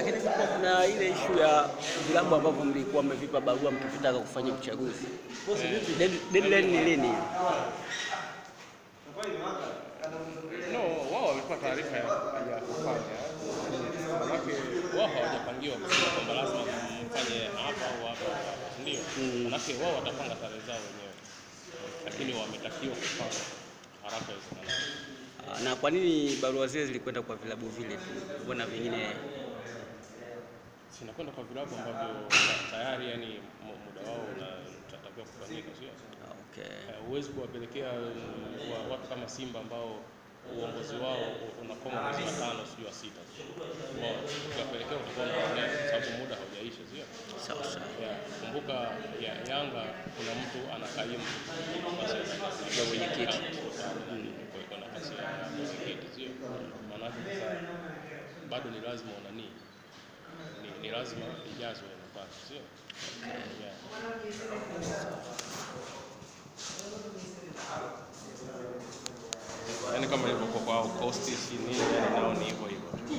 Lakini kulikuwa kuna ile ishu ya vilabu ambavyo mlikuwa mmevipa barua mkipita kufanya uchaguzi. Deadline eh. ni lini? No, wao walikuwa taarifa ya kufanya manake wao hawajapangiwa kwamba lazima mfanye hapa au hapa, ndio mm. manake wao watapanga tarehe zao wenyewe, lakini wametakiwa kupanga haraka iwezekanavyo. Ah, na kwa nini barua zile zilikwenda kwa vilabu vile tu, mbona vingine sinakwenda kwa vilabu ambavyo tayari yani muda wao unatakiwa kufanyika, sio ah, okay. Eh, huwezi uh, kuwapelekea uh, watu kama Simba ambao uongozi wao unakoma mwezi wa tano sijui wa sita, ukiwapelekea utakuwa na kwa sababu muda haujaisha, sio sawa sawa. Kumbuka ya, Yanga kuna mtu anakaimu mm. kwa mwenyekiti kwa nafasi ya mwenyekiti, sio maanake bado ni lazima unanii ni, ni lazima ijazwe nafasi, sio? Yaani kama ilivyokuwa kwao kosti si nini, nao ni hivyo hivyo.